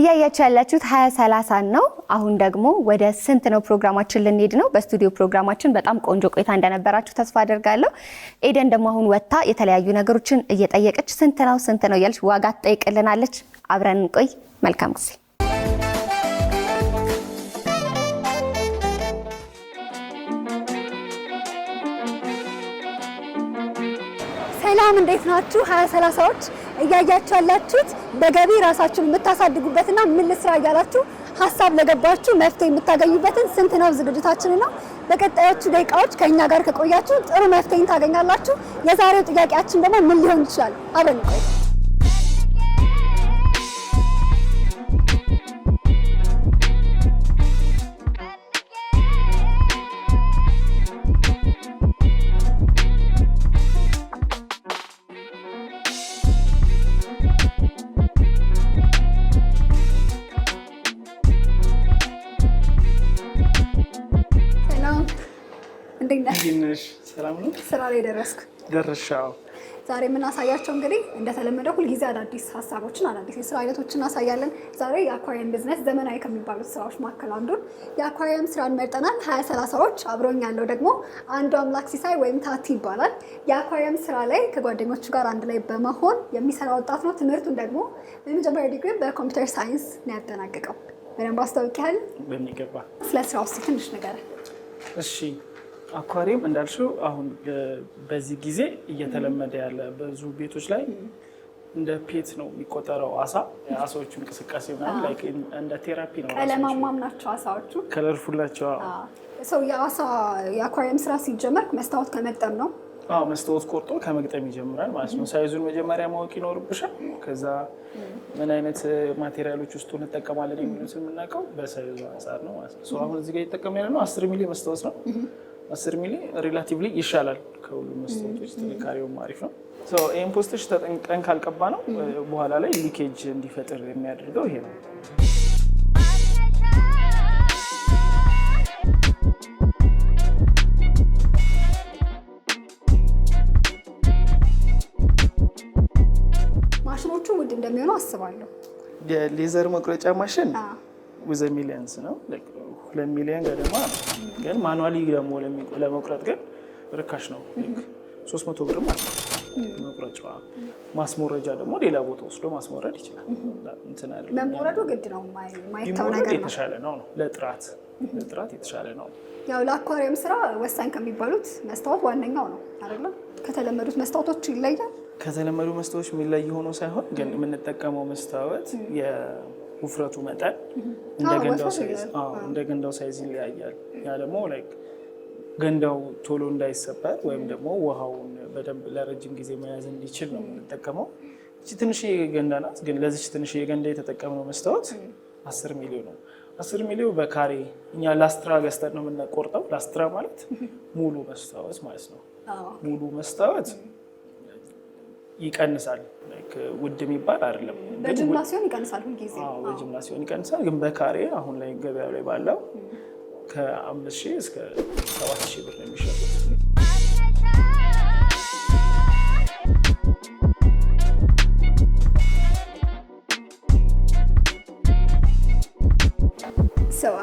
እያያችሁ ያላችሁት ሀያ ሰላሳ ነው። አሁን ደግሞ ወደ ስንት ነው ፕሮግራማችን ልንሄድ ነው። በስቱዲዮ ፕሮግራማችን በጣም ቆንጆ ቆይታ እንደነበራችሁ ተስፋ አድርጋለሁ። ኤደን ደግሞ አሁን ወጥታ የተለያዩ ነገሮችን እየጠየቀች ስንት ነው ስንት ነው እያለች ዋጋ ትጠይቅልናለች። አብረን እንቆይ። መልካም ጊዜ ሰላም እንዴት ናችሁ? ሀያ ሰላሳዎች እያያችሁ ያላችሁት በገቢ ራሳችሁን የምታሳድጉበትና ምን ልስራ እያላችሁ ሀሳብ ለገባችሁ መፍትሄ የምታገኙበትን ስንት ነው ዝግጅታችን ነው። በቀጣዮቹ ደቂቃዎች ከእኛ ጋር ከቆያችሁ ጥሩ መፍትሄን ታገኛላችሁ። የዛሬው ጥያቄያችን ደግሞ ምን ሊሆን ይችላል? አብረን ቆይ ላይ ደረስኩ ደረሻው ዛሬ የምናሳያቸው እንግዲህ እንደተለመደው ሁልጊዜ አዳዲስ ሀሳቦችን አዳዲስ የስራ አይነቶች እናሳያለን። ዛሬ የአኳሪየም ቢዝነስ ዘመናዊ ከሚባሉት ስራዎች መካከል አንዱን የአኳሪየም ስራን መርጠናል። ሀያ ሰላሳዎች አብሮኝ ያለው ደግሞ አንዱ አምላክ ሲሳይ ወይም ታቲ ይባላል። የአኳሪየም ስራ ላይ ከጓደኞቹ ጋር አንድ ላይ በመሆን የሚሰራ ወጣት ነው። ትምህርቱን ደግሞ በመጀመሪያ ዲግሪ በኮምፒውተር ሳይንስ ነው ያጠናቀቀው። በደንብ አስታውቂያለሁ በሚገባ። ስለ ስራ ውስጥ ትንሽ ነገር እሺ አኳሪም እንዳልሽው አሁን በዚህ ጊዜ እየተለመደ ያለ ብዙ ቤቶች ላይ እንደ ፔት ነው የሚቆጠረው አሳ አሳዎቹ እንቅስቃሴ ምናምን እንደ ቴራፒ ነው። ቀለማማም ናቸው አሳዎቹ፣ ከለርፉል ናቸው። ሰው የአሳ የአኳሪየም ስራ ሲጀመር መስታወት ከመግጠም ነው። አዎ መስታወት ቆርጦ ከመግጠም ይጀምራል ማለት ነው። ሳይዙን መጀመሪያ ማወቅ ይኖርብሻል። ከዛ ምን አይነት ማቴሪያሎች ውስጡ እንጠቀማለን የሚሉት የምናውቀው በሳይዙ አንጻር ነው ማለት ነው። አሁን እዚህ ጋር ያለ ነው አስር ሚሊ መስታወት ነው። አስር ሚሊ ሪላቲቭሊ ይሻላል ከሁሉም መስታወቶች፣ ጥንካሬውም አሪፍ ነው። ይህን ፖስቶች ተጠንቀን ካልቀባ ነው በኋላ ላይ ሊኬጅ እንዲፈጥር የሚያደርገው ይሄ ነው። ማሽኖቹ ውድ እንደሚሆኑ አስባለሁ። የሌዘር መቁረጫ ማሽን ዊዘ ሚሊየንስ ነው ሁለት ሚሊዮን ገደማ ግን ማኑዋሊ ደግሞ ለመቁረጥ ግን ርካሽ ነው። ሶስት መቶ ብር አለ መቁረጫ። ማስሞረጃ ደግሞ ሌላ ቦታ ወስዶ ማስሞረድ ይችላል። መሞረዱ ግድ ነው፣ ማይታው ነገር የተሻለ ነው ነው ለጥራት ለጥራት የተሻለ ነው። ያው ለአኳሪየም ስራ ወሳኝ ከሚባሉት መስታወት ዋነኛው ነው አይደለ? ከተለመዱት መስታወቶች ይለያል። ከተለመዱ መስታወቶች የሚለይ ሆኖ ሳይሆን ግን የምንጠቀመው መስታወት ውፍረቱ መጠን እንደ ገንዳው ሳይዝ ይለያያል። ያ ደግሞ ገንዳው ቶሎ እንዳይሰበር ወይም ደግሞ ውሃውን በደንብ ለረጅም ጊዜ መያዝ እንዲችል ነው የምንጠቀመው። እቺ ትንሽዬ ገንዳ ናት፣ ግን ለዚች ትንሽዬ ገንዳ የተጠቀምነው መስታወት አስር ሚሊዮን ነው። አስር ሚሊዮን በካሬ እኛ ላስትራ ገዝተን ነው የምንቆርጠው። ላስትራ ማለት ሙሉ መስታወት ማለት ነው። ሙሉ መስታወት ይቀንሳል። ውድ የሚባል አይደለም። በጅምላ ሲሆን ይቀንሳል፣ ሁልጊዜ በጅምላ ሲሆን ይቀንሳል። ግን በካሬ አሁን ላይ ገበያ ላይ ባለው ከአምስት ሺህ እስከ ሰባት ሺህ ብር ነው የሚሸጡት።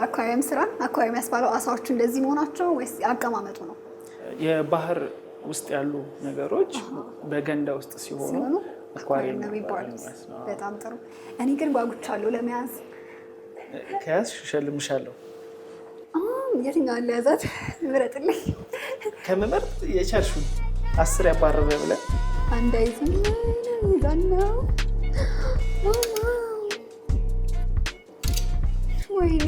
አኳሪየም ስራ አኳሪየም ያስባለው አሳዎቹ እንደዚህ መሆናቸው ወይስ አቀማመጡ ነው? የባህር ውስጥ ያሉ ነገሮች በገንዳ ውስጥ ሲሆኑ በጣም ጥሩ። እኔ ግን ጓጉቻለሁ ለመያዝ። ከያዝ እሸልምሻለሁ። የትኛውን ለያዛት ምረጥልኝ። ከምመርጥ የቻልሽውን አስር ያባረረ ብለን አንዳይዝ ነው ወይኔ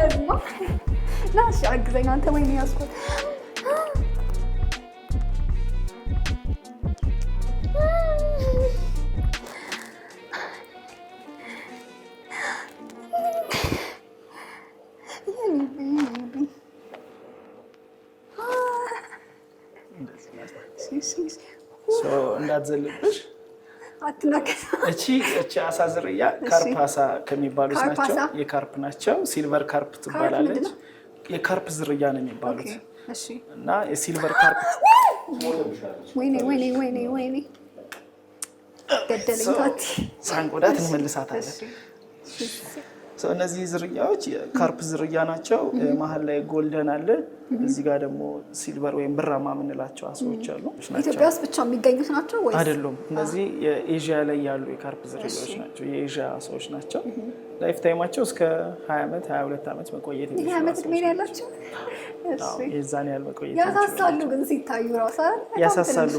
አያዝማ ና እሺ፣ አግዘኝ አንተ። ወይኔ ያዝኩት። እንዳትዘልብሽ እቺ አሳ ዝርያ ካርፕ አሳ ከሚባሉት ናቸው። የካርፕ ናቸው። ሲልቨር ካርፕ ትባላለች። የካርፕ ዝርያ ነው የሚባሉት እና የሲልቨር ካርፕ ሳንቆዳት እንመልሳታለን። እነዚህ ዝርያዎች ካርፕ ዝርያ ናቸው። መሀል ላይ ጎልደን አለ። እዚህ ጋር ደግሞ ሲልቨር ወይም ብራማ የምንላቸው አሳዎች አሉ። ኢትዮጵያ ውስጥ ብቻ የሚገኙት ናቸው ወይ? አይደሉም። እነዚህ የኤዥያ ላይ ያሉ የካርፕ ዝርያዎች ናቸው። የኤዥያ አሶዎች ናቸው። ላይፍ ታይማቸው እስከ 20 ዓመት 22 ዓመት መቆየት ይህ ዓመት ዕድሜ ያላቸው የዛን ያህል መቆየት ያሳሳሉ፣ ግን ሲታዩ ራሱ ያሳሳሉ።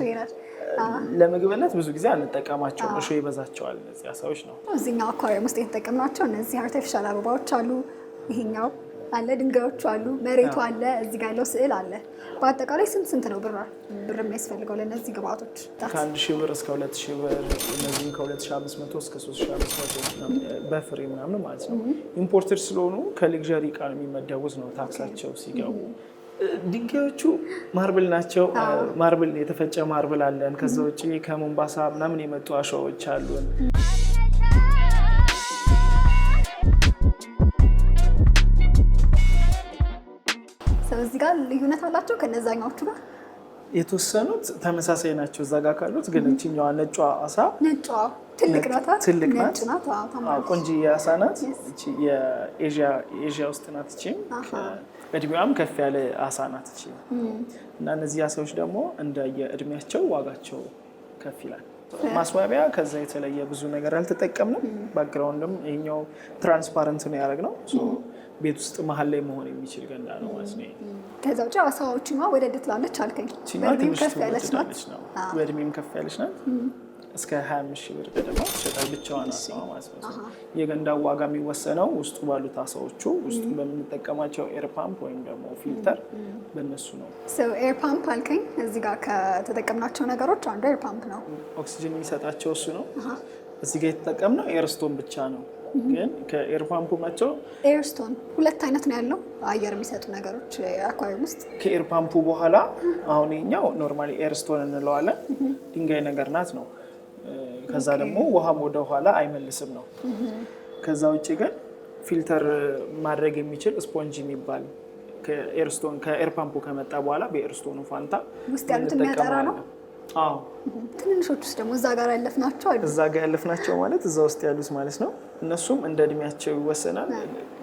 ለምግብነት ብዙ ጊዜ አንጠቀማቸውም፣ እሾ ይበዛቸዋል። እነዚህ አሳዎች ነው እዚህኛው አኳሪየም ውስጥ የተጠቀምናቸው። እነዚህ አርቲፊሻል አበባዎች አሉ ይሄኛው አለ፣ ድንጋዮቹ አሉ፣ መሬቱ አለ፣ እዚህ ጋር ያለው ስዕል አለ። በአጠቃላይ ስንት ስንት ነው ብር ብር የሚያስፈልገው ለእነዚህ ግብአቶች? ከአንድ ሺህ ብር እስከ ሁለት ሺህ ብር እነዚህም ከሁለት ሺህ አምስት መቶ እስከ ሶስት ሺህ አምስት መቶ በፍሬ ምናምን ማለት ነው። ኢምፖርተር ስለሆኑ ከልግዣሪ እቃ ነው የሚመደቡት ነው ታክሳቸው ሲገቡ ድንጋዮቹ ማርብል ናቸው። ማርብል የተፈጨ ማርብል አለን። ከዛ ውጭ ከሞምባሳ ምናምን የመጡ አሸዋዎች አሉን። ልዩነት አላቸው ከነዛኛዎቹ ጋር? የተወሰኑት ተመሳሳይ ናቸው እዛ ጋር ካሉት፣ ግን እችኛዋ ነጯ አሳ ነጯ ትልቅ ናት፣ ቆንጂ ናት። የኤዥያ ውስጥ ናት። እችም እድሜዋም ከፍ ያለ አሳ ናት። እና እነዚህ አሳዎች ደግሞ እንደየእድሜያቸው ዋጋቸው ከፍ ይላል። ማስዋቢያ ከዛ የተለየ ብዙ ነገር አልተጠቀምንም። ባክግራውንድም ይሄኛው ትራንስፓረንት ነው ያደረግነው ቤት ውስጥ መሀል ላይ መሆን የሚችል ገንዳ ነው ማለት ነው። ከዛ ውጭ አበባዎቹማ ወደ ድትላለች አልከኝ። በእድሜም ከፍ ያለች ናት። እስከ 25 ሺህ ብር ገደማ ይሸጣል። ብቻዋን አሳዋ ማለት ነው። የገንዳው ዋጋ የሚወሰነው ውስጡ ባሉት አሳዎቹ ውስጡ በምንጠቀማቸው ኤርፓምፕ ወይም ደግሞ ፊልተር በነሱ ነው። ኤር ፓምፕ አልከኝ። እዚህ ጋር ከተጠቀምናቸው ነገሮች አንዱ ኤር ፓምፕ ነው። ኦክሲጅን የሚሰጣቸው እሱ ነው። እዚህ ጋር የተጠቀምነው ኤርስቶን ብቻ ነው። ግን ከኤር ፓምፑ ናቸው። ኤርስቶን ሁለት አይነት ነው ያለው አየር የሚሰጡ ነገሮች አኳሪም ውስጥ ከኤር ፓምፑ በኋላ አሁን ኛው ኖርማሊ ኤርስቶን እንለዋለን። ድንጋይ ነገር ናት ነው ከዛ ደግሞ ውሃም ወደ ኋላ አይመልስም ነው። ከዛ ውጭ ግን ፊልተር ማድረግ የሚችል ስፖንጅ የሚባል ከኤርስቶን ከኤርፓምፑ ከመጣ በኋላ በኤርስቶኑ ፋንታ ውስጥ ያሉት የሚያጠራ ነው። አዎ ትንንሾች ውስጥ ደግሞ እዛ ጋር ያለፍናቸው እዛ ጋር ያለፍናቸው ማለት እዛ ውስጥ ያሉት ማለት ነው እነሱም እንደ እድሜያቸው ይወሰናል።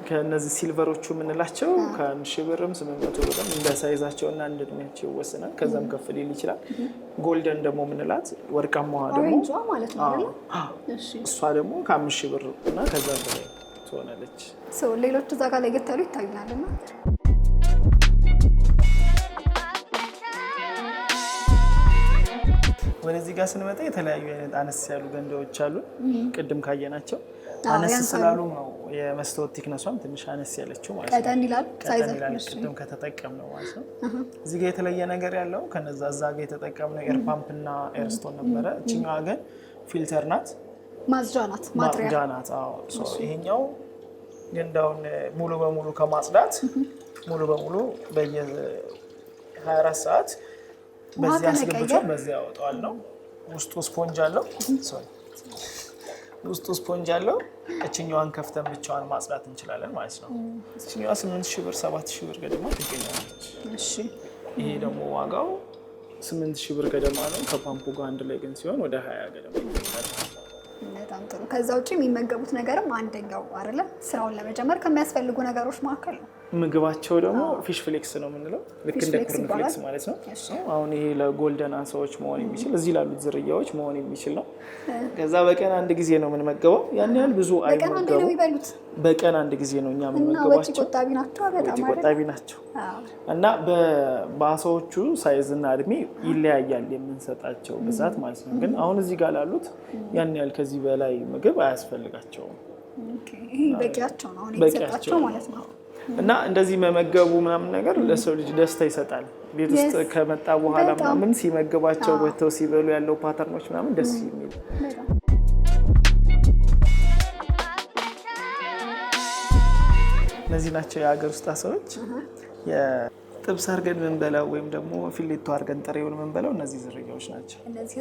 ከነዚህ ሲልቨሮቹ የምንላቸው ከአንድ ሺህ ብርም ስምንት መቶ ብርም እንደ ሳይዛቸው እና እንደ እድሜያቸው ይወሰናል። ከዛም ከፍ ሊል ይችላል። ጎልደን ደግሞ የምንላት ወርቃማዋ ደግሞ እሷ ደግሞ ከአምስት ሺህ ብር እና ከዛ በላይ ትሆናለች። ሌሎቹ እዛ ጋ ላይ ገተሉ ይታዩናል እና ወደዚህ ጋር ስንመጣ የተለያዩ አይነት አነስ ያሉ ገንዳዎች አሉ ቅድም ካየናቸው አነስ ስላሉ ነው የመስታወት ቲክነሷም ትንሽ አነስ ያለችው ማለት ነው። ቀጠን ይላል ቅድም ከተጠቀምነው ማለት ነው። እዚህ ጋ የተለየ ነገር ያለው ከነዛ እዛ ጋ የተጠቀምነው ኤር ፓምፕ እና ኤርስቶን ነበረ። እችኛዋ ግን ፊልተር ናት፣ ማጽጃ ናት፣ ማጥሪያ ናት። ይሄኛው ገንዳውን ሙሉ በሙሉ ከማጽዳት ሙሉ በሙሉ በየ 24 ሰዓት በዚህ አስገብቷል፣ በዚህ ያወጣዋል ነው። ውስጡ ስፖንጅ አለው ውስጡ ስፖንጅ አለው። እችኛዋን ከፍተን ብቻዋን ማጽዳት እንችላለን ማለት ነው። እችኛዋ ስምንት ሺህ ብር ሰባት ሺህ ብር ገደማ ትገኛለች። ይሄ ደግሞ ዋጋው ስምንት ሺህ ብር ገደማ ነው። ከፓምፑ ጋር አንድ ላይ ግን ሲሆን ወደ ሀያ ገደማ ይገኛል። በጣም ጥሩ። ከዛ ውጭ የሚመገቡት ነገርም አንደኛው አይደለም ስራውን ለመጀመር ከሚያስፈልጉ ነገሮች መካከል ነው። ምግባቸው ደግሞ ፊሽ ፍሌክስ ነው የምንለው። ልክ እንደ ኮርን ፍሌክስ ማለት ነው። አሁን ይሄ ለጎልደን አንሳዎች መሆን የሚችል እዚህ ላሉት ዝርያዎች መሆን የሚችል ነው። ከዛ በቀን አንድ ጊዜ ነው የምንመገበው። ያን ያህል ብዙ አይመገቡ። በቀን አንድ ጊዜ ነው እኛ የምንመገባቸው። ቆጣቢ ናቸው እና በአሳዎቹ ሳይዝ እና እድሜ ይለያያል የምንሰጣቸው ብዛት ማለት ነው። ግን አሁን እዚህ ጋር ላሉት ያን ያህል ከዚህ በላይ ምግብ አያስፈልጋቸውም። በቂያቸው ነው ማለት ነው። እና እንደዚህ መመገቡ ምናምን ነገር ለሰው ልጅ ደስታ ይሰጣል። ቤት ውስጥ ከመጣ በኋላ ምናምን ሲመግባቸው ወጥተው ሲበሉ ያለው ፓተርኖች ምናምን ደስ የሚል እነዚህ ናቸው የሀገር ውስጥ አሳዎች። ጥብስ አድርገን ምንበላው ወይም ደግሞ ፊሌቶ አድርገን ጥሬውን ምንበላው እነዚህ ዝርያዎች ናቸው። እነዚህ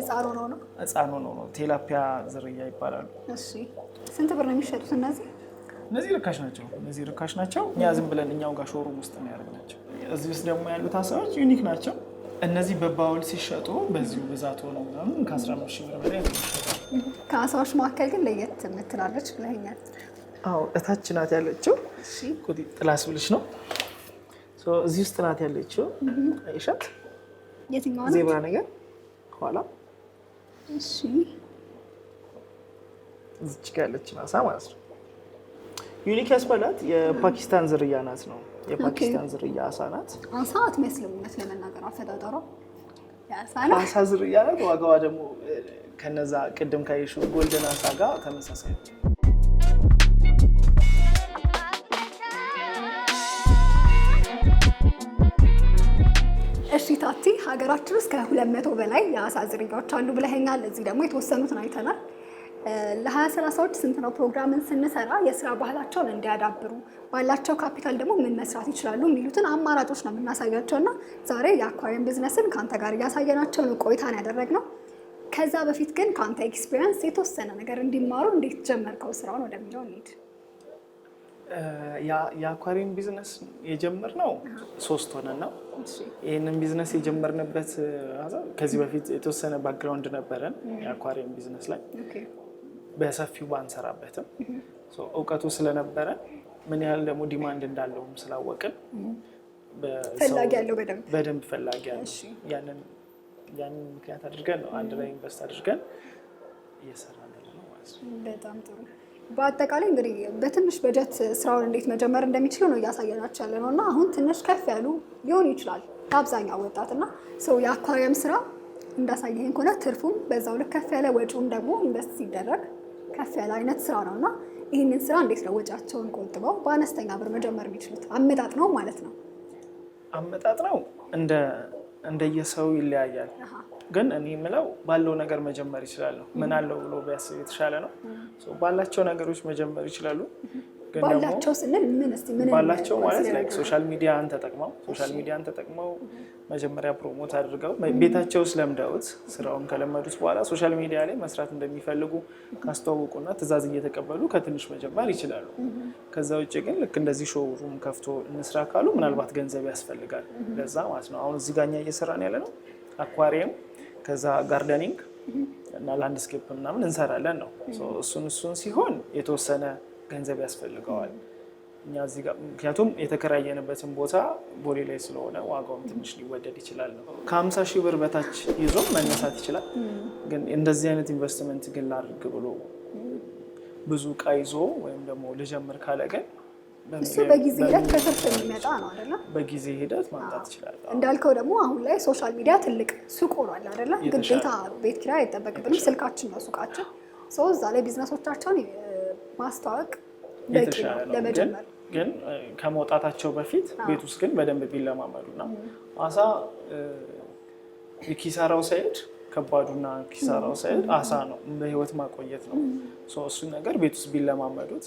ነው ህፃኑ ነው ነው ቴላፒያ ዝርያ ይባላሉ። ስንት ብር ነው የሚሸጡት እነዚህ? እነዚህ ርካሽ ናቸው። እነዚህ ርካሽ ናቸው። እኛ ዝም ብለን እኛው ጋር ሾሩም ውስጥ ነው ያደረግናቸው። እዚህ ውስጥ ደግሞ ያሉት ሀሳቦች ዩኒክ ናቸው። እነዚህ በባውል ሲሸጡ በዚሁ ብዛት ሆነ ምናምን ከ15 ሺህ ብር በላይ ከአሳዎች መካከል ግን ለየት የምትላለች ብለኛል። አዎ እታች ናት ያለችው ጥላስ ብልሽ ነው። እዚህ ውስጥ ናት ያለችው ይሻት ዜብራ ነገር ኋላ እዚች ጋ ያለችን አሳ ማለት ነው ዩኒክ ያስበላት የፓኪስታን ዝርያ ናት ነው። የፓኪስታን ዝርያ አሳ ናት። አሳ አትመስልም፣ እውነት ለመናገር አፈጣጠሯ አሳ ዝርያ ናት። ዋጋዋ ደግሞ ከነዛ ቅድም ካየሹ ጎልደን አሳ ጋር ተመሳሳይ ነው። እሺ ታቲ፣ ሀገራችን ውስጥ ከሁለት መቶ በላይ የአሳ ዝርያዎች አሉ ብለኸኛል። እዚህ ደግሞ የተወሰኑትን አይተናል። ለሀያ ሰላሳ ስንት ነው ፕሮግራምን ስንሰራ የስራ ባህላቸውን እንዲያዳብሩ ባላቸው ካፒታል ደግሞ ምን መስራት ይችላሉ የሚሉትን አማራጮች ነው የምናሳያቸው እና ዛሬ የአኳሪየም ቢዝነስን ከአንተ ጋር እያሳየናቸው ነው ቆይታን ያደረግነው። ከዛ በፊት ግን ከአንተ ኤክስፒሪየንስ የተወሰነ ነገር እንዲማሩ እንዴት ጀመርከው ስራውን ወደሚለው እንሂድ። የአኳሪየም ቢዝነስ የጀመርነው ሶስት ሆነን ነው። ይህንን ቢዝነስ የጀመርንበት ከዚህ በፊት የተወሰነ ባክግራውንድ ነበረን የአኳሪየም ቢዝነስ ላይ በሰፊው ባንሰራበትም እውቀቱ ስለነበረ ምን ያህል ደግሞ ዲማንድ እንዳለውም ስላወቅን ፈላጊ ያለው በደንብ ፈላጊ ያለው ያንን ምክንያት አድርገን ነው አንድ ላይ ኢንቨስት አድርገን እየሰራ ነው ማለት ነው። በጣም ጥሩ። በአጠቃላይ እንግዲህ በትንሽ በጀት ስራውን እንዴት መጀመር እንደሚችል ነው እያሳየናቸው ያለ ነው እና አሁን ትንሽ ከፍ ያሉ ሊሆን ይችላል በአብዛኛው ወጣት እና ሰው የአኳሪየም ስራ እንዳሳየኝ ከሆነ ትርፉም በዛው ልክ ከፍ ያለ ወጪውም ደግሞ ኢንቨስት ሲደረግ ከፍ ያለ አይነት ስራ ነው እና ይህንን ስራ እንዴት ነው ወጪያቸውን ቆጥበው በአነስተኛ ብር መጀመር የሚችሉት? አመጣጥ ነው ማለት ነው። አመጣጥ ነው እንደ እንደየሰው ይለያያል። ግን እኔ የምለው ባለው ነገር መጀመር ይችላሉ። ምን አለው ብሎ ቢያስብ የተሻለ ነው። ባላቸው ነገሮች መጀመር ይችላሉ። ባላቸው ስንል ምን እስኪ ምን ባላቸው ማለት ላይክ ሶሻል ሚዲያን ተጠቅመው ሶሻል ሚዲያን ተጠቅመው መጀመሪያ ፕሮሞት አድርገው ቤታቸው ስለምደውት ስራውን ከለመዱት በኋላ ሶሻል ሚዲያ ላይ መስራት እንደሚፈልጉ ካስተዋወቁና ትዕዛዝ እየተቀበሉ ከትንሽ መጀመር ይችላሉ። ከዛ ውጭ ግን ልክ እንደዚህ ሾሩም ከፍቶ እንስራ ካሉ ምናልባት ገንዘብ ያስፈልጋል። ለዛ ማለት ነው አሁን እዚህ ጋኛ እየሰራን ያለ ነው አኳሪየም፣ ከዛ ጋርደኒንግ እና ላንድስኬፕ ምናምን እንሰራለን ነው እሱን እሱን ሲሆን የተወሰነ ገንዘብ ያስፈልገዋል። እኛ እዚህ ጋር ምክንያቱም የተከራየንበትን ቦታ ቦሌ ላይ ስለሆነ ዋጋውም ትንሽ ሊወደድ ይችላል። ከሀምሳ ሺህ ብር በታች ይዞም መነሳት ይችላል። ግን እንደዚህ አይነት ኢንቨስትመንት ግን ላድርግ ብሎ ብዙ እቃ ይዞ ወይም ደግሞ ልጀምር ካለ ግን እሱ በጊዜ ሂደት ከስርት የሚመጣ ነው አይደለ? በጊዜ ሂደት ማምጣት ይችላል። እንዳልከው ደግሞ አሁን ላይ ሶሻል ሚዲያ ትልቅ ሱቅ ሆኗል አይደለ? ግዴታ ቤት ኪራይ አይጠበቅብንም፣ ስልካችን ነው ሱቃችን። እዛ ላይ ቢዝነሶቻቸውን ማስታወቅ በቂ ነው ለመጀመር። ግን ከመውጣታቸው በፊት ቤት ውስጥ ግን በደንብ ቢለማመዱ እና አሳ የኪሳራው ሳይድ ከባዱና ኪሳራው ሳይድ አሳ ነው፣ በህይወት ማቆየት ነው። እሱን ነገር ቤት ውስጥ ቢለማመዱት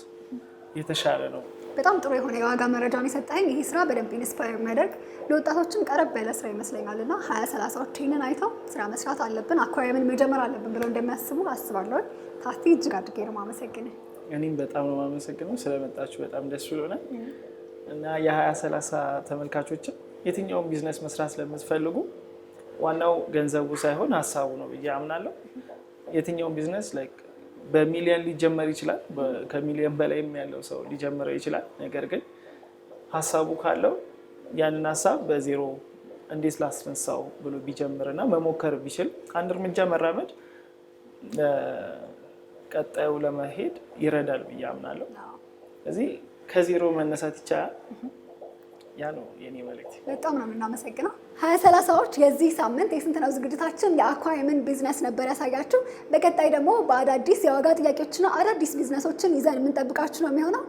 የተሻለ ነው። በጣም ጥሩ የሆነ የዋጋ መረጃ የሰጠኝ ይህ ስራ በደንብ ኢንስፓየር የሚያደርግ ለወጣቶችም ቀረብ ያለ ስራ ይመስለኛል እና ሀያ ሰላሳዎች ይህንን አይተው ስራ መስራት አለብን አኳሪየምን መጀመር አለብን ብለው እንደሚያስቡ አስባለሁ። ታፊ እጅግ አድርጌ ነው የማመሰግነው። እኔም በጣም ነው የማመሰግነው ስለመጣችሁ በጣም ደስ ብሎናል። እና የሀያ ሰላሳ ተመልካቾችን የትኛውን ቢዝነስ መስራት ስለምትፈልጉ ዋናው ገንዘቡ ሳይሆን ሀሳቡ ነው ብዬ አምናለሁ። የትኛውን ቢዝነስ በሚሊዮን ሊጀመር ይችላል፣ ከሚሊዮን በላይም ያለው ሰው ሊጀምረው ይችላል። ነገር ግን ሀሳቡ ካለው ያንን ሀሳብ በዜሮ እንዴት ላስነሳው ብሎ ቢጀምርና መሞከር ቢችል አንድ እርምጃ መራመድ ቀጣዩ ለመሄድ ይረዳል ብዬ አምናለሁ። ስለዚህ ከዜሮ መነሳት ይቻላል። ያ ነው የኔ መልእክት። በጣም ነው የምናመሰግነው። ሀያ ሰላሳዎች የዚህ ሳምንት የስንት ነው ዝግጅታችን የአኳሪየምን ቢዝነስ ነበር ያሳያችሁ። በቀጣይ ደግሞ በአዳዲስ የዋጋ ጥያቄዎችና አዳዲስ ቢዝነሶችን ይዘን የምንጠብቃችሁ ነው የሚሆነው።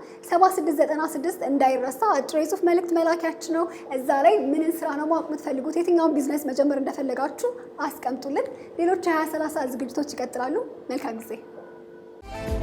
ስድስት እንዳይረሳ አጭር የጽሁፍ መልእክት መላኪያችን ነው። እዛ ላይ ምንን ስራ ነው ማወቅ የምትፈልጉት፣ የትኛውን ቢዝነስ መጀመር እንደፈለጋችሁ አስቀምጡልን። ሌሎች ሀያ ሰላሳ ዝግጅቶች ይቀጥላሉ። መልካም ጊዜ Thank you.